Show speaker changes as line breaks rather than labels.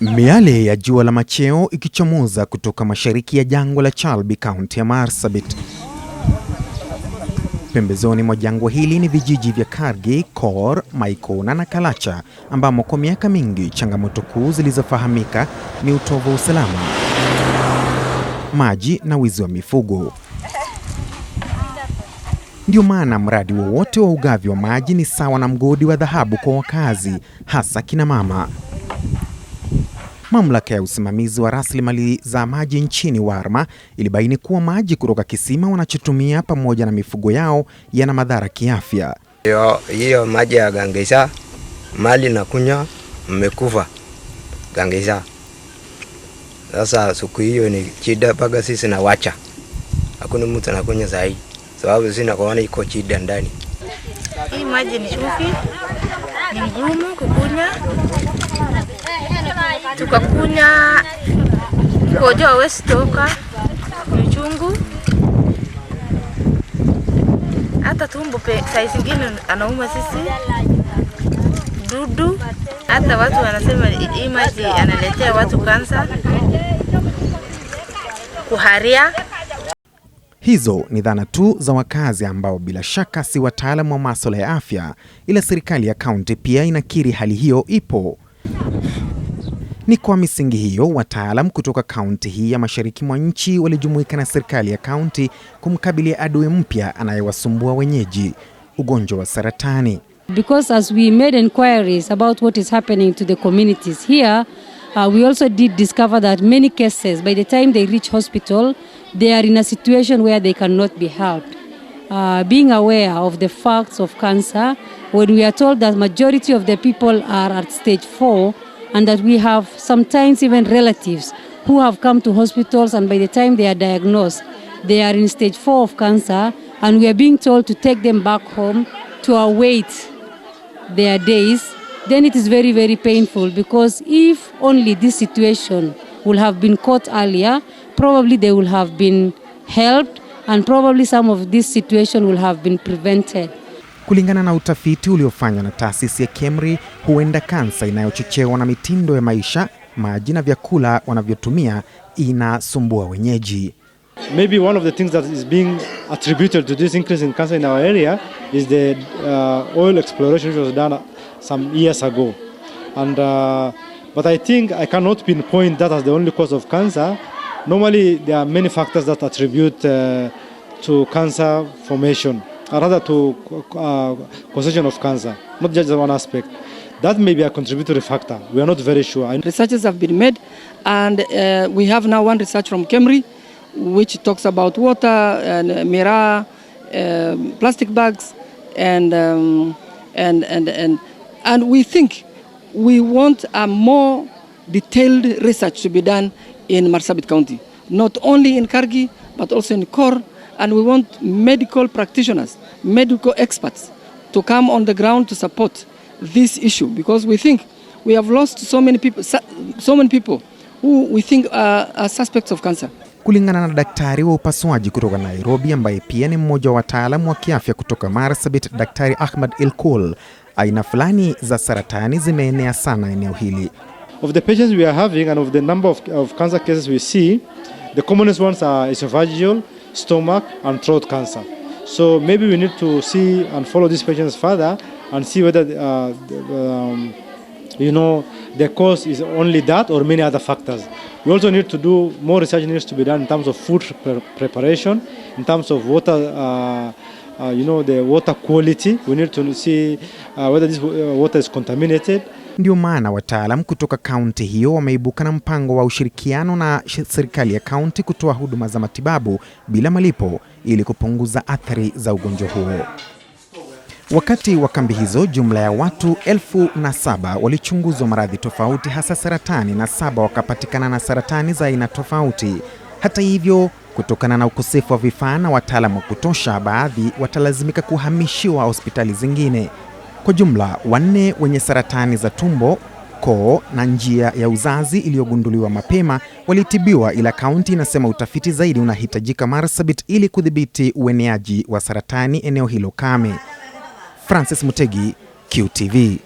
Miale ya jua la macheo ikichomoza kutoka mashariki ya jangwa la Chalbi, kaunti ya Marsabit. Pembezoni mwa jangwa hili ni vijiji vya Kargi, Kor, Maikona na Kalacha ambamo kwa miaka mingi changamoto kuu zilizofahamika ni utovu wa usalama, maji na wizi wa mifugo. Ndio maana mradi wowote wa ugavi wa maji ni sawa na mgodi wa dhahabu kwa wakazi, hasa kina mama. Mamlaka ya usimamizi wa rasilimali za maji nchini WARMA ilibaini kuwa maji kutoka kisima wanachotumia pamoja na mifugo yao yana madhara kiafya.
Hiyo maji ya Gangeisa mali na kunywa mmekufa Gangesha. Sasa siku hiyo ni chida mpaka sisi na wacha, hakuna mtu anakunywa zaidi sababu sina kuona iko chida ndani.
Hii maji ni chufi. ni ngumu kukunywa tukakunya koja wawezi toka mchungu hata tumbo saa zingine anauma sisi dudu, hata watu wanasema hii maji analetea watu kansa, kuharia.
Hizo ni dhana tu za wakazi ambao bila shaka si wataalamu wa masuala ya afya, ila serikali ya kaunti pia inakiri hali hiyo ipo. Ni kwa misingi hiyo, wataalam kutoka kaunti hii ya mashariki mwa nchi walijumuika na serikali ya kaunti kumkabilia adui mpya anayewasumbua wenyeji, ugonjwa wa saratani.
Because as we made inquiries about what is happening to the communities here, uh, we also did discover that many cases by the time they reach hospital, they are in a situation where they cannot be helped. Uh, being aware of the facts of cancer, when we are told that majority of the people are at stage 4, and that we have sometimes even relatives who have come to hospitals and by the time they are diagnosed, they are in stage four of cancer and we are being told to take them back home to await their days, then it is very, very painful because if only this situation would have been caught earlier, probably they would have been helped and probably some of this situation will have been prevented.
Kulingana na utafiti uliofanywa na taasisi ya KEMRI, huenda kansa inayochochewa na mitindo ya maisha, maji na vyakula wanavyotumia inasumbua wenyeji.
Maybe one of the things that is being attributed to this increase in cancer in our area is the uh, oil exploration which was done some years ago. And uh, but I think I cannot pinpoint that as the only cause of cancer. Normally there are many factors that attribute uh, to cancer formation. rather to uh, concession of cancer, not just one aspect. That may be a contributory factor. We are not very sure.
Researches have been made, and uh, we have now one research from Kemri, which talks about water and mirror, uh, um, plastic bags, and, um, and, and, and, and we think we want a more detailed research to be done in Marsabit County, not only in Kargi, but also in Kor, and we want medical practitioners, medical experts to come on the ground to support this issue because we think we have lost so many people, so many people who we think are, are suspects of cancer.
Kulingana na daktari wa upasuaji kutoka Nairobi ambaye pia ni mmoja wa wataalamu wa kiafya kutoka Marsabit, Daktari Ahmad Elkul, aina fulani za saratani zimeenea sana eneo hili.
Of the patients we are having and of the number of, of cancer cases we see, the commonest ones are esophageal stomach, and throat cancer. So maybe we need to see and follow these patients further and see whether, uh, um, you know, the cause is only that or many other factors. We also need to do more research needs to be done in terms of food pre preparation, in terms of water. Uh, uh, you know the water quality. We need to see uh, whether this uh, water is contaminated,
Ndio maana wataalam kutoka kaunti hiyo wameibuka na mpango wa ushirikiano na serikali ya kaunti kutoa huduma za matibabu bila malipo ili kupunguza athari za ugonjwa huo. Wakati wa kambi hizo, jumla ya watu elfu na saba walichunguzwa maradhi tofauti, hasa saratani, na saba wakapatikana na saratani za aina tofauti. Hata hivyo, kutokana na ukosefu wa vifaa na wataalamu wa kutosha, baadhi watalazimika kuhamishiwa hospitali zingine. Kwa jumla wanne wenye saratani za tumbo, koo na njia ya uzazi iliyogunduliwa mapema walitibiwa, ila kaunti inasema utafiti zaidi unahitajika Marsabit ili kudhibiti ueneaji wa saratani eneo hilo kame. Francis Mutegi, QTV.